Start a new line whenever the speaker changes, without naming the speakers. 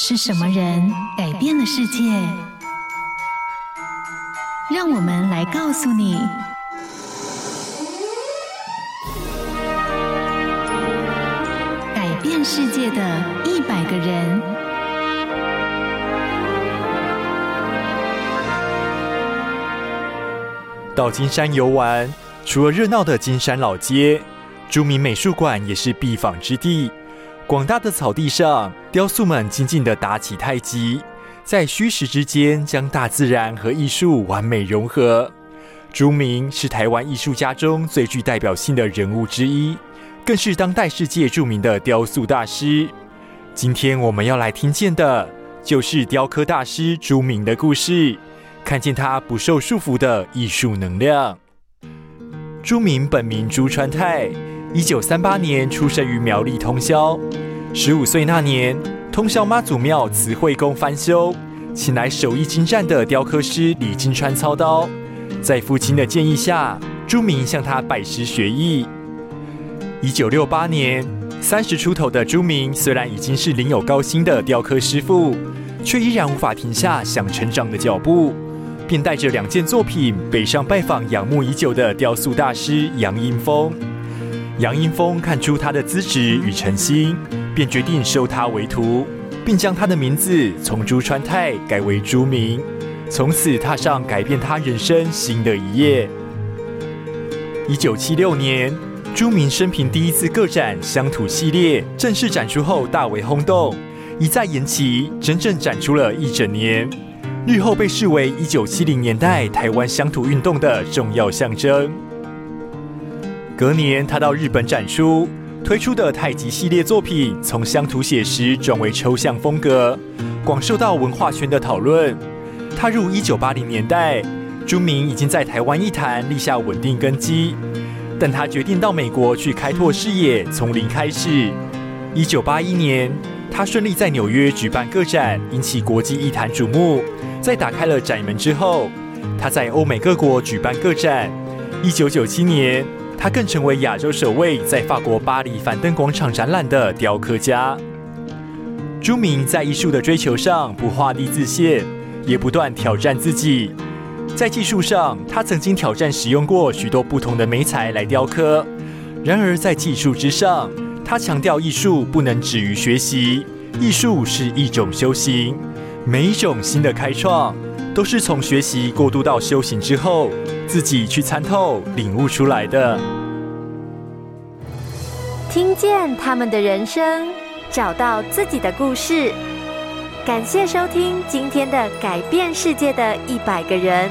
是什麼人改變了世界？讓我們來告訴你：改變世界的一百個人。到金山遊玩，除了熱鬧的金山老街，朱銘美術館也是必訪之地。廣大的草地上，雕塑們靜靜的打起太極，在虛實之間將大自然和藝術完美融合。朱銘是台灣藝術家中最具代表性的人物之一，更是當代世界著名的雕塑大師。今天我們要來聽見的就是雕刻大師朱銘的故事，看見他不受束縛的藝術能量。朱銘本名朱川泰。一九三八年出生於苗栗通霄，十五歲那年，通霄媽祖廟慈惠宮翻修，請來手藝精湛的雕刻師李金川操刀。在父親的建議下，朱銘向他拜師學藝。一九六八年，三十出頭的朱銘雖然已經是領有高薪的雕刻師傅，卻依然無法停下想成長的腳步，便帶着兩件作品北上拜訪仰慕已久的雕塑大師楊英風。楊英風看出他的資質與誠心，便決定收他為徒，並將他的名字從朱川泰改為朱銘，從此踏上改變他人生新的一頁。一九七六年，朱銘生平第一次個展《鄉土系列》正式展出後大為轟動，一再延期，整整展出了一整年。日後被視為一九七零年代台灣鄉土運動的重要象徵。隔年，他到日本展出推出的太極系列作品，從鄉土寫實轉為抽象風格，廣受到文化圈的討論。踏入一九八零年代，朱銘已經在台灣藝壇立下穩定根基，但他決定到美國去開拓視野，從零開始。一九八一年，他順利在紐約舉辦個展，引起國際藝壇矚目。在打開了窄門之後，他在歐美各國舉辦個展。一九九七年，他更成為亞洲首位在法國巴黎凡登廣場展覽的雕刻家。朱銘在藝術的追求上不畫地自限，也不斷挑戰自己。在技術上，他曾經挑戰使用過許多不同的媒材來雕刻。然而，在技術之上，他強調藝術不能止於學習，藝術是一種修行，每一種新的開創。都是從學習過渡到修行之後，自己去參透、領悟出來的。聽見他們的人生，找到自己的故事。感謝收聽今天的改變世界的一百個人。